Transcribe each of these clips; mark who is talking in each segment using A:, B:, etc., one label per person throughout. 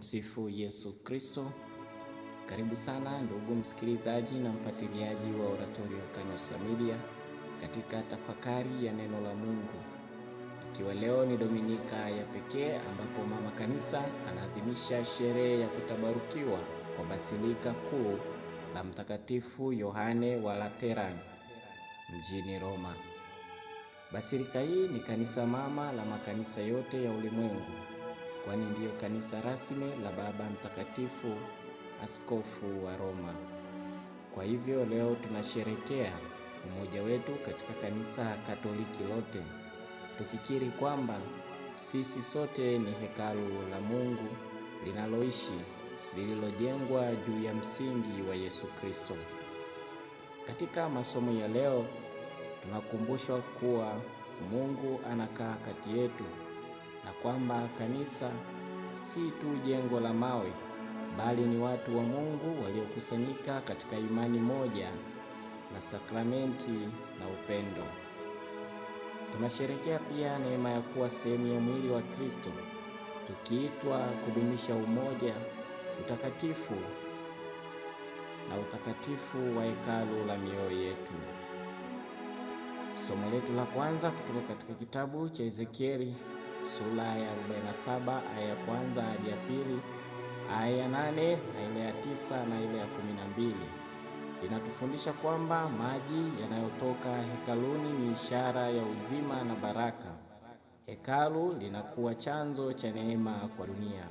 A: Tumsifu Yesu Kristo. Karibu sana ndugu msikilizaji na mfuatiliaji wa Oratorio Kanosa Media katika tafakari ya neno la Mungu, ikiwa leo ni Dominika ya pekee ambapo Mama Kanisa anaadhimisha sherehe ya kutabarukiwa kwa Basilika Kuu la Mtakatifu Yohane wa Lateran mjini Roma. Basilika hii ni kanisa mama la makanisa yote ya ulimwengu kwani ndiyo kanisa rasmi la Baba Mtakatifu, askofu wa Roma. Kwa hivyo leo tunasherekea umoja wetu katika kanisa Katoliki lote tukikiri kwamba sisi sote ni hekalu la Mungu linaloishi lililojengwa juu ya msingi wa Yesu Kristo. Katika masomo ya leo tunakumbushwa kuwa Mungu anakaa kati yetu na kwamba kanisa si tu jengo la mawe bali ni watu wa Mungu waliokusanyika katika imani moja na sakramenti na upendo. Tunasherekea pia neema ya kuwa sehemu ya mwili wa Kristo, tukiitwa kudumisha umoja, utakatifu na utakatifu wa hekalu la mioyo yetu. Somo letu la kwanza kutoka katika kitabu cha Ezekieli sura ya 47 aya ya kwanza hadi ya pili, aya ya nane na ile ya tisa na ile ya kumi na mbili linatufundisha kwamba maji yanayotoka hekaluni ni ishara ya uzima na baraka. Hekalu linakuwa chanzo cha neema kwa dunia.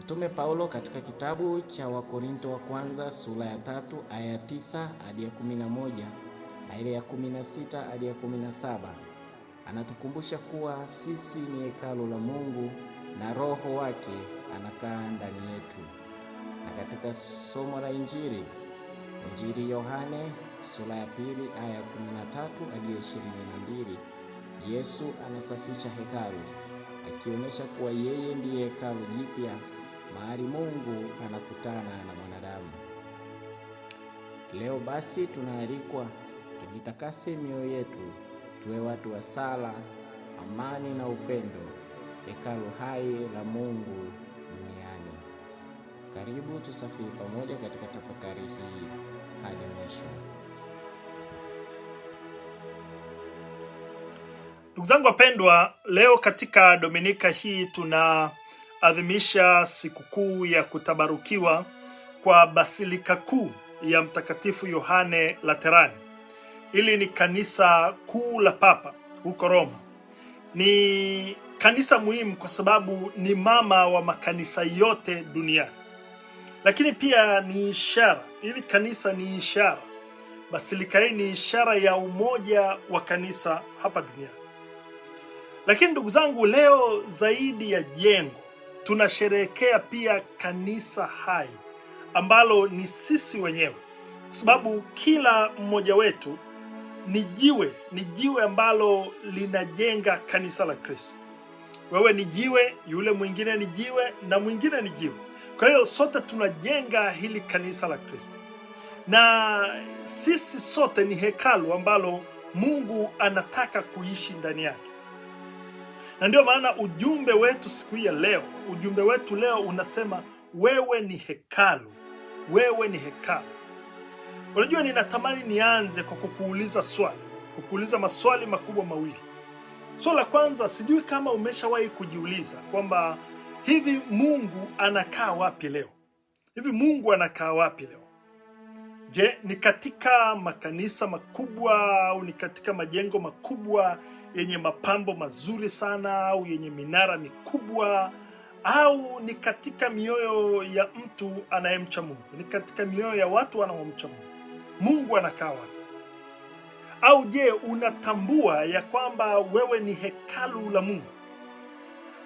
A: Mtume Paulo katika kitabu cha Wakorinto wa kwanza sura ya tatu aya ya tisa hadi ya kumi na moja na ile ya kumi na sita hadi ya kumi na saba Anatukumbusha kuwa sisi ni hekalu la Mungu na Roho wake anakaa ndani yetu. Na katika somo la Injili, Injili Yohane sura ya pili aya ya 13 hadi mbili Yesu anasafisha hekalu akionyesha kuwa yeye ndiye hekalu jipya mahali Mungu anakutana na mwanadamu. Leo basi tunaalikwa tujitakase mioyo yetu tuwe watu wa sala, amani na upendo, hekalu hai la Mungu duniani. Karibu tusafiri pamoja katika tafakari hii hadi mwisho.
B: Ndugu zangu wapendwa, leo katika dominika hii tunaadhimisha sikukuu ya kutabarukiwa kwa basilika kuu ya Mtakatifu Yohane Laterani. Hili ni kanisa kuu la papa huko Roma. Ni kanisa muhimu kwa sababu ni mama wa makanisa yote duniani, lakini pia ni ishara. Hili kanisa ni ishara, basilika hii ni ishara ya umoja wa kanisa hapa duniani. Lakini ndugu zangu, leo zaidi ya jengo tunasherehekea pia kanisa hai ambalo ni sisi wenyewe, kwa sababu kila mmoja wetu ni jiwe, ni jiwe ambalo linajenga kanisa la Kristo. Wewe ni jiwe, yule mwingine ni jiwe, na mwingine ni jiwe. Kwa hiyo sote tunajenga hili kanisa la Kristo, na sisi sote ni hekalu ambalo Mungu anataka kuishi ndani yake. Na ndio maana ujumbe wetu siku hii ya leo, ujumbe wetu leo unasema wewe ni hekalu, wewe ni hekalu. Unajua, ninatamani nianze kwa kukuuliza swali, kukuuliza maswali makubwa mawili. Swali la kwanza, sijui kama umeshawahi kujiuliza kwamba hivi Mungu anakaa wapi leo? Hivi Mungu anakaa wapi leo? Je, ni katika makanisa makubwa au ni katika majengo makubwa yenye mapambo mazuri sana au yenye minara mikubwa au ni katika mioyo ya mtu anayemcha Mungu? Ni katika mioyo ya watu wanaomcha Mungu? Mungu anakawa Au je, unatambua ya kwamba wewe ni hekalu la Mungu?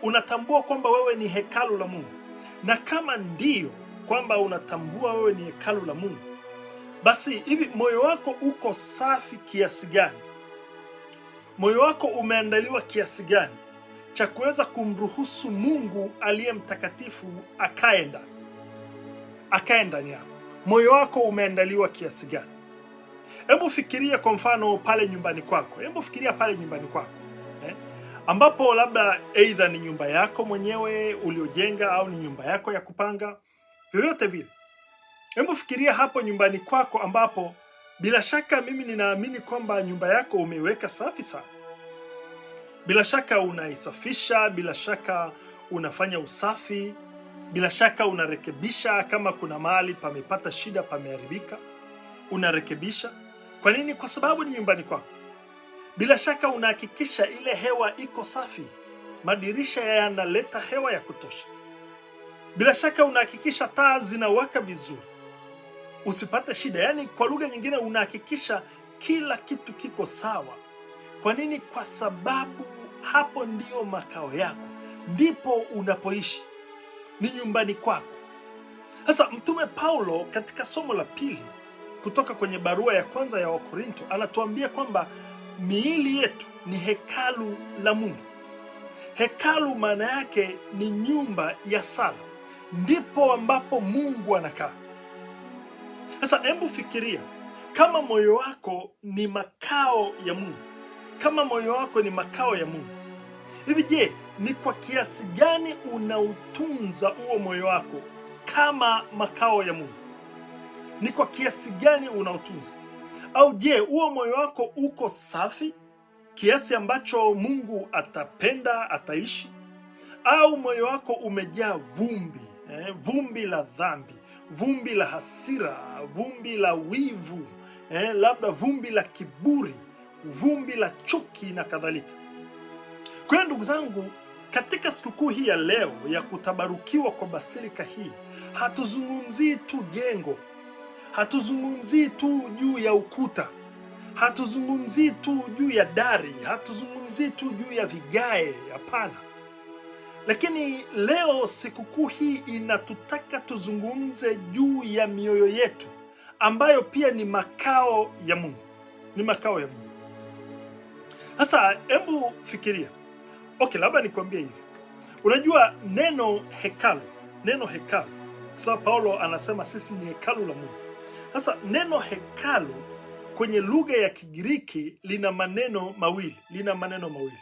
B: Unatambua kwamba wewe ni hekalu la Mungu? Na kama ndiyo kwamba unatambua wewe ni hekalu la Mungu, basi hivi moyo wako uko safi kiasi gani? Moyo wako umeandaliwa kiasi gani cha kuweza kumruhusu Mungu aliye mtakatifu akaenda ndani ndani yako? moyo wako umeandaliwa kiasi gani? Hebu fikiria kwa mfano pale nyumbani kwako, hebu fikiria pale nyumbani kwako eh, ambapo labda aidha ni nyumba yako mwenyewe uliojenga au ni nyumba yako ya kupanga, vyovyote vile, hebu fikiria hapo nyumbani kwako, ambapo bila shaka mimi ninaamini kwamba nyumba yako umeiweka safi sana. Bila shaka unaisafisha, bila shaka unafanya usafi bila shaka unarekebisha kama kuna mahali pamepata shida, pameharibika, unarekebisha. Kwa nini? Kwa sababu ni nyumbani kwako. Bila shaka unahakikisha ile hewa iko safi, madirisha yanaleta hewa ya kutosha. Bila shaka unahakikisha taa zinawaka vizuri, usipate shida. Yaani kwa lugha nyingine, unahakikisha kila kitu kiko sawa. Kwa nini? Kwa sababu hapo ndiyo makao yako, ndipo unapoishi ni nyumbani kwako. Sasa Mtume Paulo katika somo la pili kutoka kwenye barua ya kwanza ya Wakorinto anatuambia kwamba miili yetu ni hekalu la Mungu. Hekalu maana yake ni nyumba ya sala, ndipo ambapo Mungu anakaa. Sasa hebu fikiria, kama moyo wako ni makao ya Mungu, kama moyo wako ni makao ya Mungu Hivi je, ni kwa kiasi gani unautunza huo moyo wako kama makao ya Mungu? Ni kwa kiasi gani unautunza? Au je, huo moyo wako uko safi kiasi ambacho Mungu atapenda ataishi? Au moyo wako umejaa vumbi eh, vumbi la dhambi, vumbi la hasira, vumbi la wivu eh, labda vumbi la kiburi, vumbi la chuki na kadhalika. Kwa ndugu zangu, katika sikukuu hii ya leo ya kutabarukiwa kwa basilika hii, hatuzungumzii tu jengo, hatuzungumzii tu juu ya ukuta, hatuzungumzii tu juu ya dari, hatuzungumzii tu juu ya vigae. Hapana. Lakini leo sikukuu hii inatutaka tuzungumze juu ya mioyo yetu ambayo pia ni makao ya Mungu, ni makao ya Mungu. Sasa hebu fikiria Okay, labda nikwambie hivi. Unajua neno hekalu, neno hekalu, kwa sababu Paulo anasema sisi ni hekalu la Mungu. Sasa neno hekalu kwenye lugha ya Kigiriki lina maneno mawili, lina maneno mawili.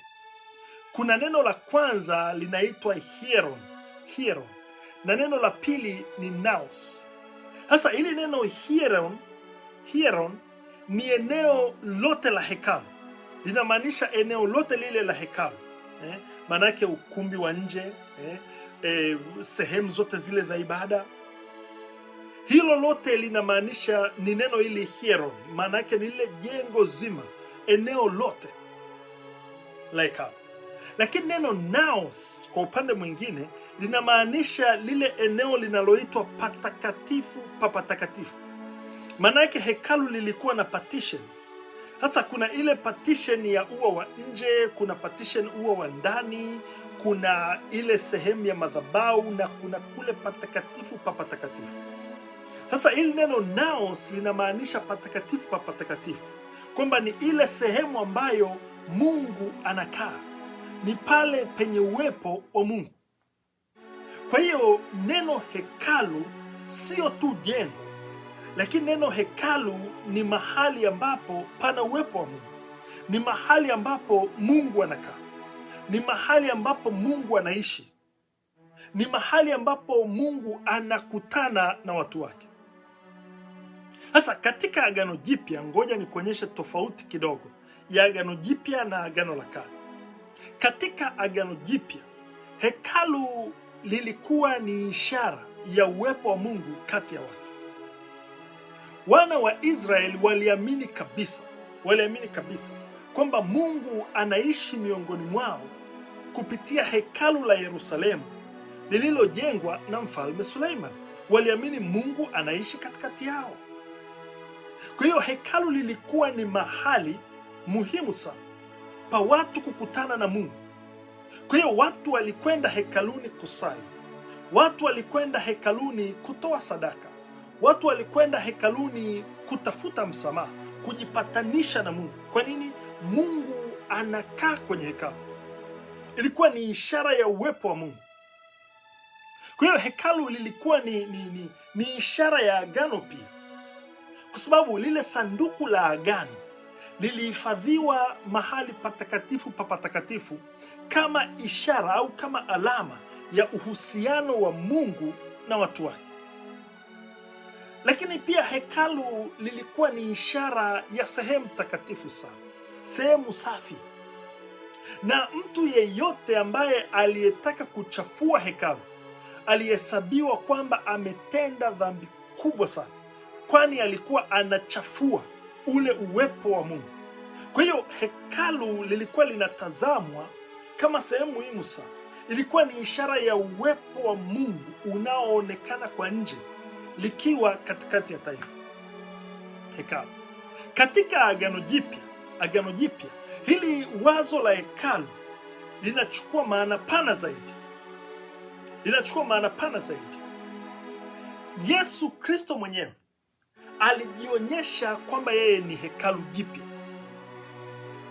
B: Kuna neno la kwanza linaitwa hieron, hieron, na neno la pili ni naos. Sasa ili neno hieron, hieron ni eneo lote la hekalu, linamaanisha eneo lote lile la hekalu eh, maanake ukumbi wa nje eh, eh, sehemu zote zile za ibada. Hilo lote linamaanisha ni neno ili hieron, maana ni lile jengo zima, eneo lote la uh, Lakini neno naos kwa upande mwingine linamaanisha lile eneo linaloitwa patakatifu papatakatifu patakatifu. Maana yake hekalu lilikuwa na partitions sasa kuna ile partition ya ua wa nje, kuna partition ua wa ndani, kuna ile sehemu ya madhabau na kuna kule patakatifu pa patakatifu. Sasa ili neno naos linamaanisha patakatifu pa patakatifu, kwamba ni ile sehemu ambayo Mungu anakaa, ni pale penye uwepo wa Mungu. Kwa hiyo neno hekalu sio tu jengo lakini neno hekalu ni mahali ambapo pana uwepo wa Mungu, ni mahali ambapo Mungu anakaa, ni mahali ambapo Mungu anaishi, ni mahali ambapo Mungu anakutana na watu wake. Sasa katika Agano Jipya, ngoja ni kuonyesha tofauti kidogo ya Agano Jipya na Agano la Kale. Katika Agano Jipya, hekalu lilikuwa ni ishara ya uwepo wa Mungu kati ya watu wana wa Israeli waliamini kabisa, waliamini kabisa kwamba Mungu anaishi miongoni mwao kupitia hekalu la Yerusalemu lililojengwa na mfalme Suleiman. Waliamini Mungu anaishi katikati yao. Kwa hiyo hekalu lilikuwa ni mahali muhimu sana pa watu kukutana na Mungu. Kwa hiyo watu walikwenda hekaluni kusali, watu walikwenda hekaluni kutoa sadaka, Watu walikwenda hekaluni kutafuta msamaha, kujipatanisha na Mungu. Kwa nini? Mungu anakaa kwenye hekalu. Ilikuwa ni ishara ya uwepo wa Mungu. Kwa hiyo hekalu lilikuwa ni, ni, ni, ni ishara ya agano pia, kwa sababu lile sanduku la agano lilihifadhiwa mahali patakatifu pa patakatifu kama ishara au kama alama ya uhusiano wa Mungu na watu wake. Lakini pia hekalu lilikuwa ni ishara ya sehemu takatifu sana, sehemu safi, na mtu yeyote ambaye aliyetaka kuchafua hekalu alihesabiwa kwamba ametenda dhambi kubwa sana, kwani alikuwa anachafua ule uwepo wa Mungu. Kwa hiyo hekalu lilikuwa linatazamwa kama sehemu muhimu sana, ilikuwa ni ishara ya uwepo wa Mungu unaoonekana kwa nje likiwa katikati ya taifa, hekalu. Katika Agano Jipya, Agano Jipya hili wazo la hekalu linachukua maana pana zaidi, linachukua maana pana zaidi. Yesu Kristo mwenyewe alijionyesha kwamba yeye ni hekalu jipya.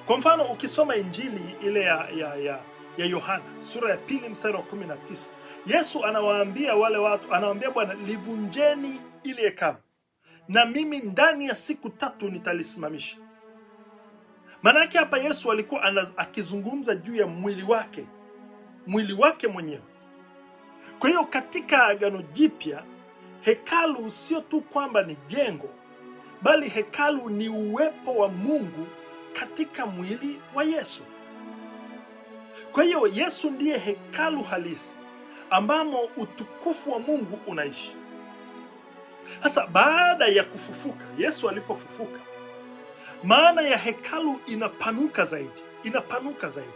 B: Kwa mfano ukisoma injili ile ya, ya, ya ya Yohana sura ya pili mstari wa kumi na tisa Yesu anawaambia wale watu, anawaambia Bwana, livunjeni ili hekalu na mimi ndani ya siku tatu nitalisimamisha. yake hapa Yesu alikuwa akizungumza juu ya mwili wake, mwili wake mwenyewe. Kwa hiyo katika Agano Jipya, hekalu sio tu kwamba ni jengo, bali hekalu ni uwepo wa Mungu katika mwili wa Yesu. Kwa hiyo Yesu ndiye hekalu halisi ambamo utukufu wa Mungu unaishi. Sasa baada ya kufufuka, Yesu alipofufuka, maana ya hekalu inapanuka zaidi, inapanuka zaidi,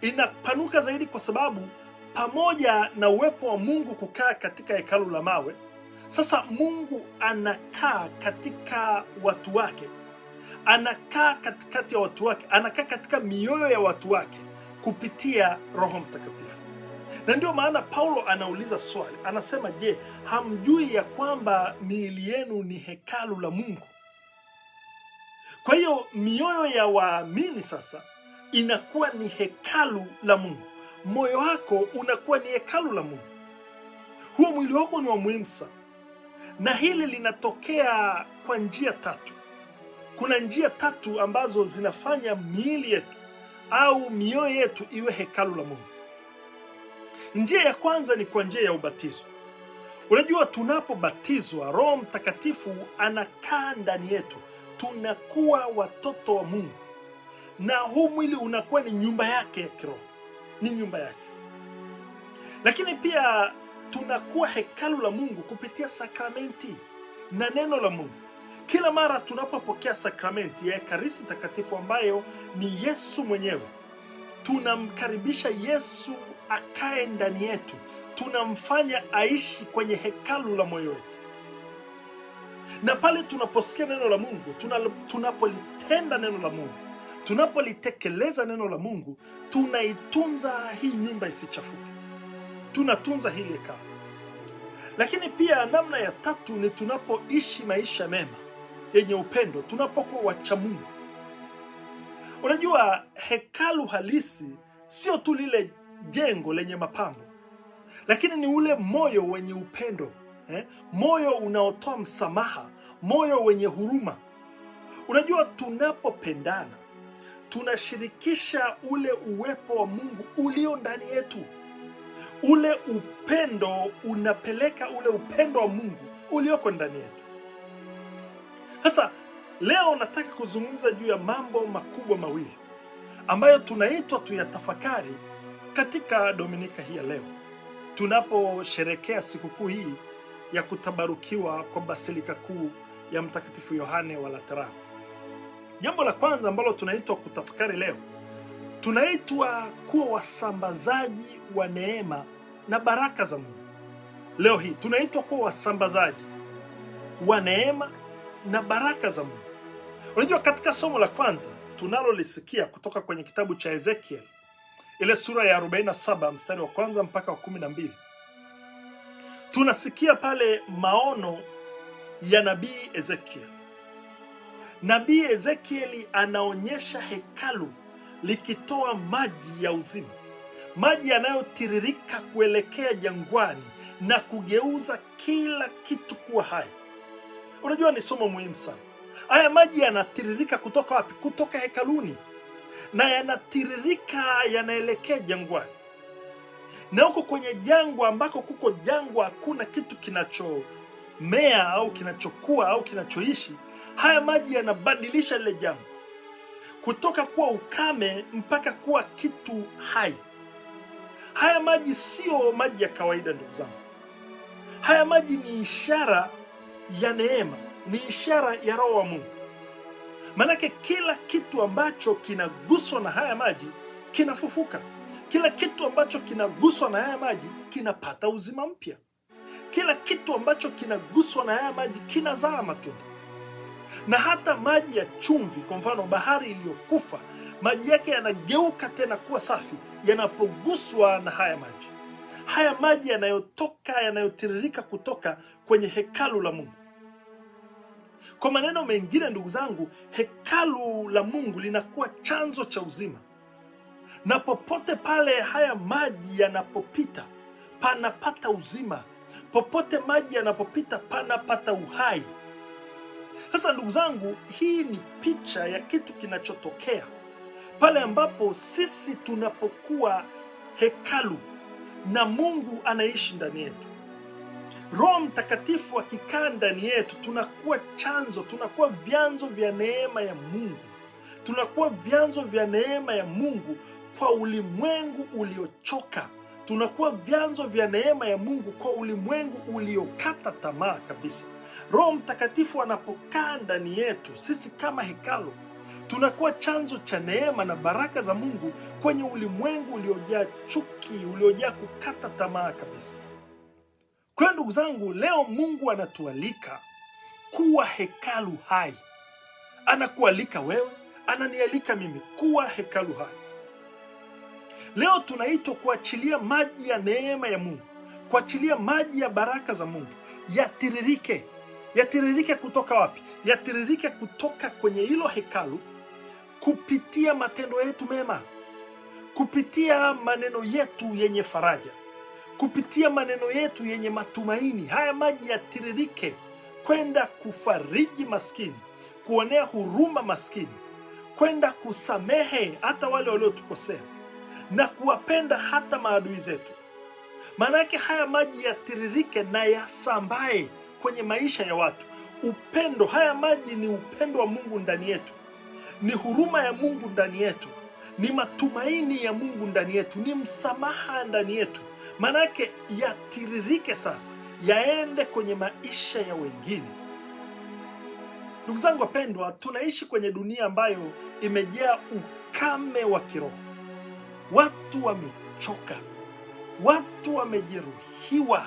B: inapanuka zaidi, kwa sababu pamoja na uwepo wa Mungu kukaa katika hekalu la mawe, sasa Mungu anakaa katika watu wake, anakaa katikati ya watu wake, anakaa katika mioyo ya watu wake kupitia Roho Mtakatifu. Na ndio maana Paulo anauliza swali, anasema je, hamjui ya kwamba miili yenu ni hekalu la Mungu? Kwa hiyo mioyo ya waamini sasa inakuwa ni hekalu la Mungu. Moyo wako unakuwa ni hekalu la Mungu, huo mwili wako ni wa muhimu sana, na hili linatokea kwa njia tatu. Kuna njia tatu ambazo zinafanya miili yetu au mioyo yetu iwe hekalu la Mungu. Njia ya kwanza ni kwa njia ya ubatizo. Unajua, tunapobatizwa Roho Mtakatifu anakaa ndani yetu, tunakuwa watoto wa Mungu na huu mwili unakuwa ni nyumba yake ya kiroho, ni nyumba yake. Lakini pia tunakuwa hekalu la Mungu kupitia sakramenti na neno la Mungu. Kila mara tunapopokea sakramenti ya Ekaristi Takatifu ambayo ni Yesu mwenyewe, tunamkaribisha Yesu akae ndani yetu, tunamfanya aishi kwenye hekalu la moyo wetu. Na pale tunaposikia neno la Mungu, tunapolitenda neno la Mungu, tunapolitekeleza neno la Mungu, tunaitunza hii nyumba isichafuke, tunatunza hili hekalu. Lakini pia namna ya tatu ni tunapoishi maisha mema yenye upendo tunapokuwa wacha Mungu. Unajua, hekalu halisi sio tu lile jengo lenye mapambo, lakini ni ule moyo wenye upendo eh? Moyo unaotoa msamaha, moyo wenye huruma. Unajua, tunapopendana tunashirikisha ule uwepo wa Mungu ulio ndani yetu. Ule upendo unapeleka ule upendo wa Mungu ulioko ndani yetu. Sasa leo nataka kuzungumza juu ya mambo makubwa mawili ambayo tunaitwa tuyatafakari katika Dominika hii ya leo tunaposherekea sikukuu hii ya kutabarukiwa kwa Basilika Kuu ya Mtakatifu Yohane wa Laterani. Jambo la kwanza ambalo tunaitwa kutafakari leo, tunaitwa kuwa wasambazaji wa neema na baraka za Mungu. Leo hii tunaitwa kuwa wasambazaji wa neema na baraka za Mungu. Unajua, katika somo la kwanza tunalolisikia kutoka kwenye kitabu cha Ezekiel ile sura ya 47 mstari wa kwanza mpaka wa kumi na mbili tunasikia pale maono ya nabii Ezekiel. Nabii Ezekieli anaonyesha hekalu likitoa maji ya uzima, maji yanayotiririka kuelekea jangwani na kugeuza kila kitu kuwa hai. Unajua ni somo muhimu sana. Haya maji yanatiririka kutoka wapi? Kutoka hekaluni, na yanatiririka yanaelekea jangwani, na huko kwenye jangwa ambako kuko jangwa hakuna kitu kinachomea au kinachokua au kinachoishi. Haya maji yanabadilisha lile jangwa kutoka kuwa ukame mpaka kuwa kitu hai. Haya maji siyo maji ya kawaida, ndugu zangu. Haya maji ni ishara ya neema ni ishara ya roho wa Mungu. Maanake kila kitu ambacho kinaguswa na haya maji kinafufuka. Kila kitu ambacho kinaguswa na haya maji kinapata uzima mpya. Kila kitu ambacho kinaguswa na haya maji kinazaa matunda. Na hata maji ya chumvi, kwa mfano bahari iliyokufa, maji yake yanageuka tena kuwa safi yanapoguswa na haya maji. Haya maji yanayotoka, yanayotiririka kutoka kwenye hekalu la Mungu kwa maneno mengine, ndugu zangu, hekalu la Mungu linakuwa chanzo cha uzima, na popote pale haya maji yanapopita panapata uzima, popote maji yanapopita panapata uhai. Sasa ndugu zangu, hii ni picha ya kitu kinachotokea pale ambapo sisi tunapokuwa hekalu na Mungu anaishi ndani yetu. Roho Mtakatifu akikaa ndani yetu, tunakuwa chanzo, tunakuwa vyanzo vya neema ya Mungu, tunakuwa vyanzo vya neema ya Mungu kwa ulimwengu uliochoka, tunakuwa vyanzo vya neema ya Mungu kwa ulimwengu uliokata tamaa kabisa. Roho Mtakatifu anapokaa ndani yetu, sisi kama hekalu tunakuwa chanzo cha neema na baraka za Mungu kwenye ulimwengu uliojaa chuki, uliojaa kukata tamaa kabisa. Kwa hiyo ndugu zangu, leo Mungu anatualika kuwa hekalu hai. Anakualika wewe, ananialika mimi kuwa hekalu hai. Leo tunaitwa kuachilia maji ya neema ya Mungu, kuachilia maji ya baraka za Mungu yatiririke. Yatiririke kutoka wapi? Yatiririke kutoka kwenye hilo hekalu, kupitia matendo yetu mema, kupitia maneno yetu yenye faraja kupitia maneno yetu yenye matumaini. Haya maji yatiririke kwenda kufariji maskini, kuonea huruma maskini, kwenda kusamehe hata wale waliotukosea na kuwapenda hata maadui zetu. yake haya maji yatiririke na yasambae kwenye maisha ya watu. Upendo, haya maji ni upendo wa Mungu ndani yetu, ni huruma ya Mungu ndani yetu, ni matumaini ya Mungu ndani yetu, ni msamaha ndani yetu Manake yatiririke sasa, yaende kwenye maisha ya wengine. Ndugu zangu wapendwa, tunaishi kwenye dunia ambayo imejaa ukame wa kiroho. Watu wamechoka, watu wamejeruhiwa.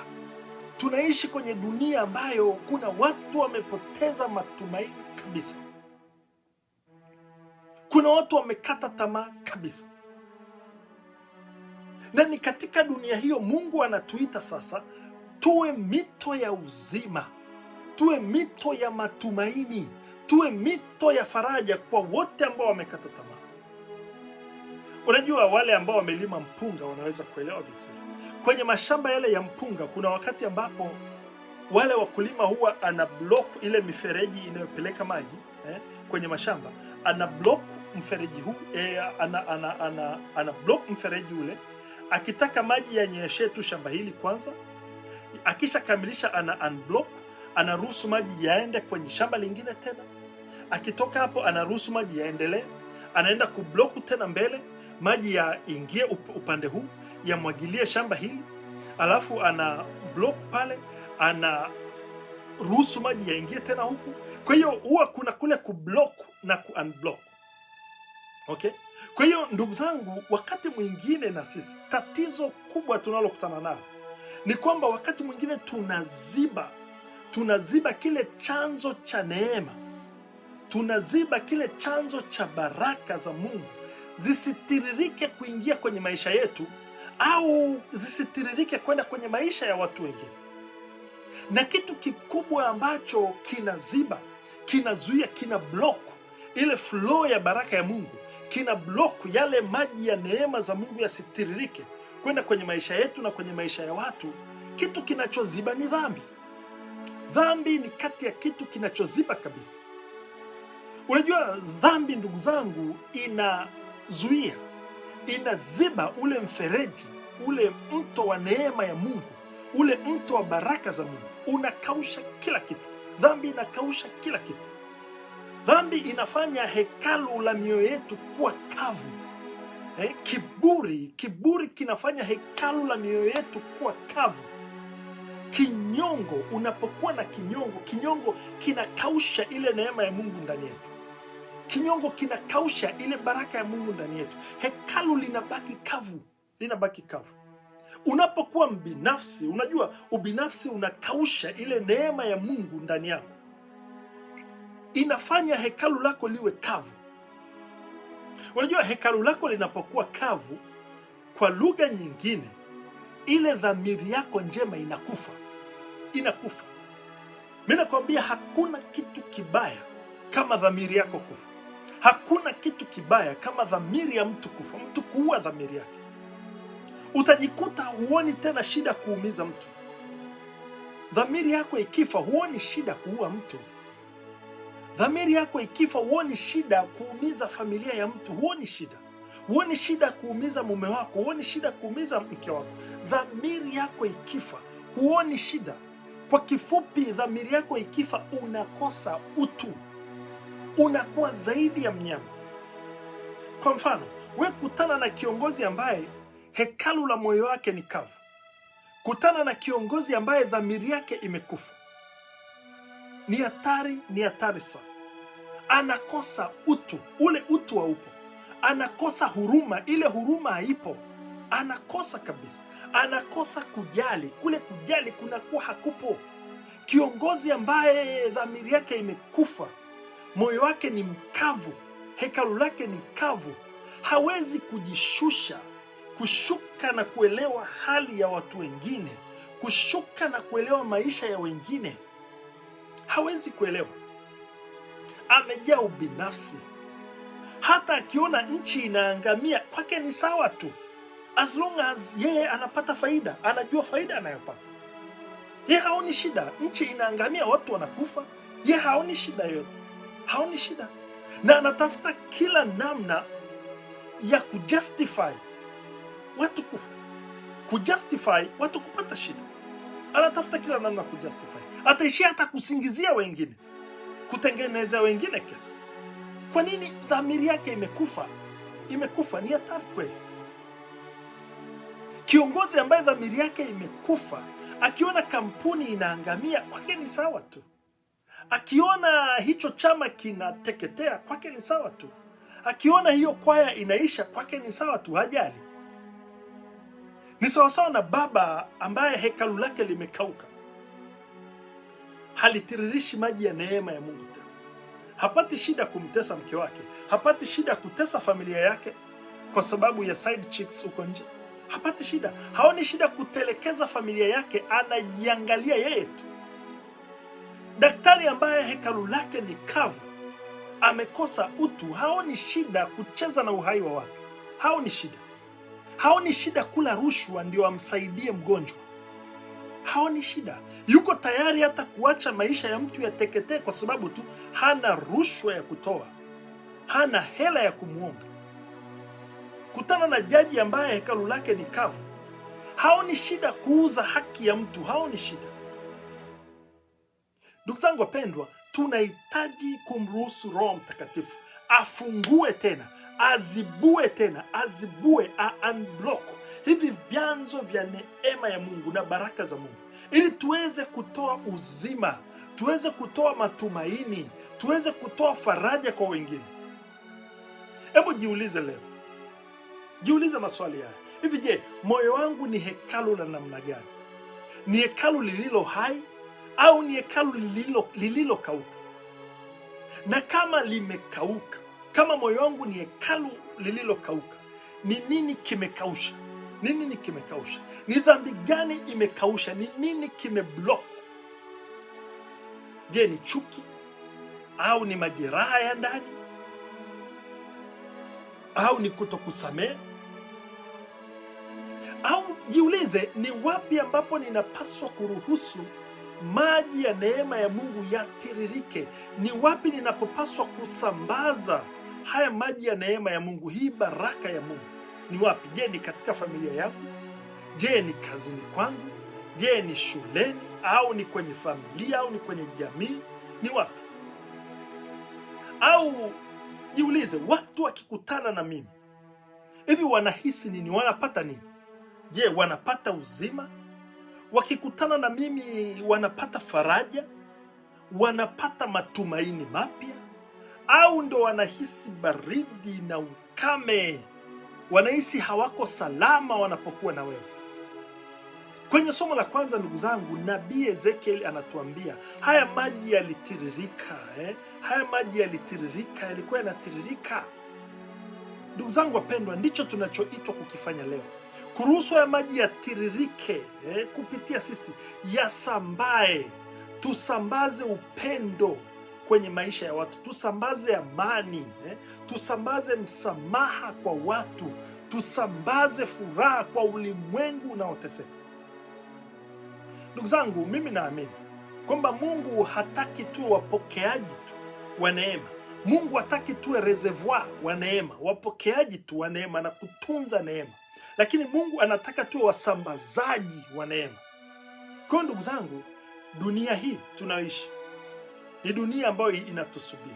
B: Tunaishi kwenye dunia ambayo kuna watu wamepoteza matumaini kabisa, kuna watu wamekata tamaa kabisa. Na ni katika dunia hiyo Mungu anatuita sasa tuwe mito ya uzima, tuwe mito ya matumaini, tuwe mito ya faraja kwa wote ambao wamekata tamaa. Unajua, wale ambao wamelima mpunga wanaweza kuelewa vizuri. Kwenye mashamba yale ya mpunga, kuna wakati ambapo wale wakulima huwa ana block ile mifereji inayopeleka maji eh, kwenye mashamba ana block mfereji huu eh, ana, ana, ana, ana block mfereji ule Akitaka maji yanyeshee tu shamba hili kwanza, akishakamilisha ana unblock, anaruhusu maji yaende kwenye shamba lingine tena. Akitoka hapo, anaruhusu maji yaendelee, anaenda kubloku tena mbele, maji yaingie upande huu yamwagilie shamba hili, alafu ana block pale, ana ruhusu maji yaingie tena huku. Kwa hiyo huwa kuna kule kublock na kuunblock, okay. Kwa hiyo ndugu zangu, wakati mwingine na sisi tatizo kubwa tunalokutana nalo ni kwamba wakati mwingine tunaziba tunaziba kile chanzo cha neema, tunaziba kile chanzo cha baraka za Mungu zisitiririke kuingia kwenye maisha yetu au zisitiririke kwenda kwenye maisha ya watu wengine. Na kitu kikubwa ambacho kinaziba, kinazuia, kina block ile flow ya baraka ya Mungu kina block yale maji ya neema za Mungu yasitiririke kwenda kwenye maisha yetu na kwenye maisha ya watu. Kitu kinachoziba ni dhambi. Dhambi ni kati ya kitu kinachoziba kabisa. Unajua, dhambi ndugu zangu, inazuia, inaziba ule mfereji, ule mto wa neema ya Mungu, ule mto wa baraka za Mungu. Unakausha kila kitu. Dhambi inakausha kila kitu. Dhambi inafanya hekalu la mioyo yetu kuwa kavu. Eh, kiburi, kiburi kinafanya hekalu la mioyo yetu kuwa kavu. Kinyongo, unapokuwa na kinyongo, kinyongo kinakausha ile neema ya Mungu ndani yetu. Kinyongo kinakausha ile baraka ya Mungu ndani yetu. Hekalu linabaki kavu, linabaki kavu. Unapokuwa mbinafsi, unajua ubinafsi unakausha ile neema ya Mungu ndani yako inafanya hekalu lako liwe kavu. Unajua, hekalu lako linapokuwa kavu, kwa lugha nyingine, ile dhamiri yako njema inakufa, inakufa. Mi nakwambia hakuna kitu kibaya kama dhamiri yako kufa. Hakuna kitu kibaya kama dhamiri ya mtu kufa, mtu kuua dhamiri yake. Utajikuta huoni tena shida kuumiza mtu. Dhamiri yako ikifa, huoni shida kuua mtu. Dhamiri yako ikifa, huoni shida kuumiza familia ya mtu, huoni shida, huoni shida kuumiza mume wako, huoni shida kuumiza mke wako. Dhamiri yako ikifa, huoni shida. Kwa kifupi, dhamiri yako ikifa, unakosa utu, unakuwa zaidi ya mnyama. Kwa mfano, we kutana na kiongozi ambaye hekalu la moyo wake ni kavu, kutana na kiongozi ambaye dhamiri yake imekufa ni hatari, ni hatari sana. Anakosa utu, ule utu haupo, anakosa huruma, ile huruma haipo, anakosa kabisa, anakosa kujali, kule kujali kunakuwa hakupo. Kiongozi ambaye dhamiri yake imekufa, moyo wake ni mkavu, hekalu lake ni kavu, hawezi kujishusha, kushuka na kuelewa hali ya watu wengine, kushuka na kuelewa maisha ya wengine hawezi kuelewa, amejaa ubinafsi. Hata akiona nchi inaangamia kwake ni sawa tu, as long as yeye anapata faida, anajua faida anayopata ye, haoni shida. Nchi inaangamia, watu wanakufa, ye haoni shida yote, haoni shida, na anatafuta kila namna ya kujustify watu kufa, kujustify watu kupata shida, anatafuta kila namna kujustify ataishia hata kusingizia wengine, kutengeneza wengine kesi. Kwa nini? Dhamiri yake imekufa, imekufa. Ni hatari kweli. Kiongozi ambaye dhamiri yake imekufa akiona kampuni inaangamia, kwake ni sawa tu. Akiona hicho chama kinateketea, kwake ni sawa tu. Akiona hiyo kwaya inaisha, kwake ni sawa tu, hajali. Ni sawasawa na baba ambaye hekalu lake limekauka halitiririshi maji ya neema ya Mungu tena. Hapati shida kumtesa mke wake, hapati shida kutesa familia yake kwa sababu ya side chicks huko nje, hapati shida, haoni shida kutelekeza familia yake, anajiangalia yeye tu. Daktari ambaye hekalu lake ni kavu, amekosa utu, haoni shida kucheza na uhai wa watu, haoni shida, haoni shida kula rushwa ndio amsaidie mgonjwa, haoni shida, yuko tayari hata kuacha maisha ya mtu yateketee kwa sababu tu hana rushwa ya kutoa, hana hela ya kumwomba. Kutana na jaji ambaye hekalu lake ni kavu, haoni shida kuuza haki ya mtu, haoni shida. Ndugu zangu wapendwa, tunahitaji kumruhusu Roho Mtakatifu afungue tena, azibue tena, azibue, a unblock hivi vyanzo vya neema ya Mungu na baraka za Mungu ili tuweze kutoa uzima, tuweze kutoa matumaini, tuweze kutoa faraja kwa wengine. Hebu jiulize leo, jiulize maswali haya hivi. Je, moyo wangu ni hekalu la namna gani? Ni hekalu lililo hai au ni hekalu lililokauka? Na kama limekauka, kama moyo wangu ni hekalu lililokauka, ni nini kimekausha? ni Nini kimekausha? Ni dhambi gani imekausha? Ni nini kimeblock? Je, ni chuki au ni majeraha ya ndani au ni kutokusamehe? Au jiulize, ni wapi ambapo ninapaswa kuruhusu maji ya neema ya Mungu yatiririke? Ni wapi ninapopaswa kusambaza haya maji ya neema ya Mungu, hii baraka ya Mungu? ni wapi? Je, ni katika familia yangu? Je, ni kazini kwangu? Je, ni shuleni au ni kwenye familia au ni kwenye jamii? Ni wapi? Au jiulize, watu wakikutana na mimi hivi wanahisi nini? Wanapata nini? Je, wanapata uzima? Wakikutana na mimi wanapata faraja? Wanapata matumaini mapya? Au ndo wanahisi baridi na ukame? wanahisi hawako salama wanapokuwa na wewe. Kwenye somo la kwanza, ndugu zangu, nabii Ezekiel anatuambia haya maji yalitiririka, eh? haya maji yalitiririka, yalikuwa yanatiririka. Ndugu zangu wapendwa, ndicho tunachoitwa kukifanya leo, kuruhusu haya maji yatiririke, eh? kupitia sisi, yasambae, tusambaze upendo kwenye maisha ya watu, tusambaze amani eh, tusambaze msamaha kwa watu, tusambaze furaha kwa ulimwengu unaoteseka. Ndugu zangu, mimi naamini kwamba Mungu hataki tuwe wapokeaji tu wa neema. Mungu hataki tuwe reservoir wa neema, wapokeaji tu wa neema na kutunza neema, lakini Mungu anataka tuwe wasambazaji wa neema. Kwa ndugu zangu, dunia hii tunaoishi ni dunia ambayo inatusubiri,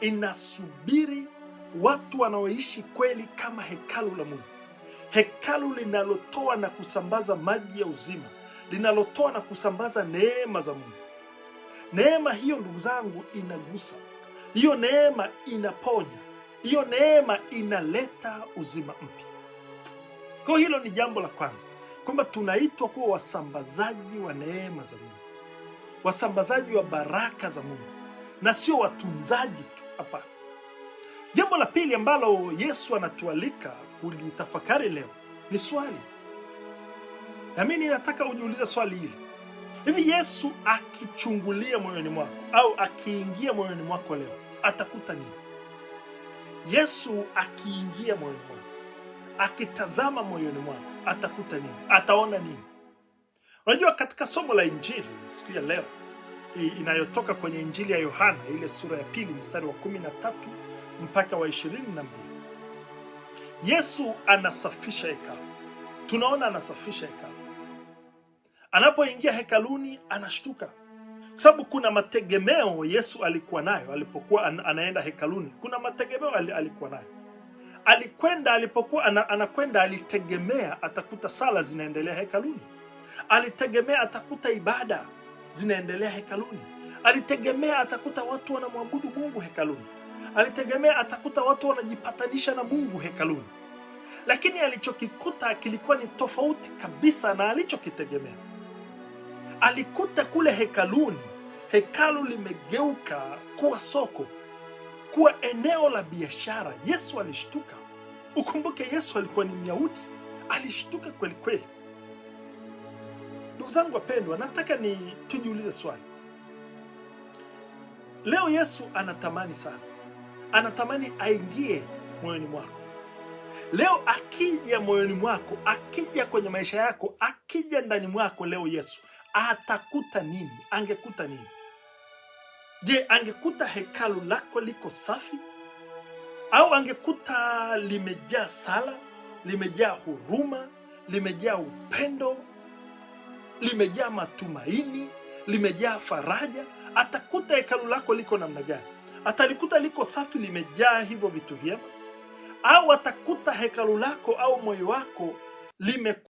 B: inasubiri watu wanaoishi kweli kama hekalu la Mungu, hekalu linalotoa na kusambaza maji ya uzima, linalotoa na kusambaza neema za Mungu. Neema hiyo ndugu zangu, inagusa. Hiyo neema inaponya. Hiyo neema inaleta uzima mpya. Kwa hilo ni jambo la kwanza, kwamba tunaitwa kuwa wasambazaji wa neema za Mungu wasambazaji wa baraka za Mungu na sio watunzaji tu. Hapana. Jambo la pili ambalo Yesu anatualika kulitafakari leo ni swali. Nami ninataka ujiulize swali hili: hivi Yesu akichungulia moyoni mwako au akiingia moyoni mwako leo atakuta nini? Yesu akiingia moyoni mwako, akitazama moyoni mwako, atakuta nini? Ataona nini? Unajua, katika somo la injili siku ya leo inayotoka kwenye injili ya Yohana ile sura ya pili mstari wa kumi na tatu mpaka wa ishirini na mbili Yesu anasafisha hekalu. Tunaona anasafisha hekalu, anapoingia hekaluni anashtuka, kwa sababu kuna mategemeo Yesu alikuwa nayo alipokuwa anaenda hekaluni. Kuna mategemeo alikuwa nayo alikwenda, alipokuwa anakwenda, alitegemea atakuta sala zinaendelea hekaluni Alitegemea atakuta ibada zinaendelea hekaluni, alitegemea atakuta watu wanamwabudu Mungu hekaluni, alitegemea atakuta watu wanajipatanisha na Mungu hekaluni, lakini alichokikuta kilikuwa ni tofauti kabisa na alichokitegemea. Alikuta kule hekaluni, hekalu limegeuka kuwa soko, kuwa eneo la biashara. Yesu alishtuka. Ukumbuke, Yesu alikuwa ni Myahudi, alishtuka kweli kweli. Ndugu zangu wapendwa, nataka ni tujiulize swali leo. Yesu anatamani sana, anatamani aingie moyoni mwako leo. Akija moyoni mwako, akija kwenye maisha yako, akija ndani mwako leo, Yesu atakuta nini? Angekuta nini? Je, angekuta hekalu lako liko safi au angekuta limejaa sala, limejaa huruma, limejaa upendo limejaa matumaini, limejaa faraja. Atakuta hekalu lako liko namna gani? Atalikuta liko safi, limejaa hivyo vitu vyema, au atakuta hekalu lako au moyo wako lime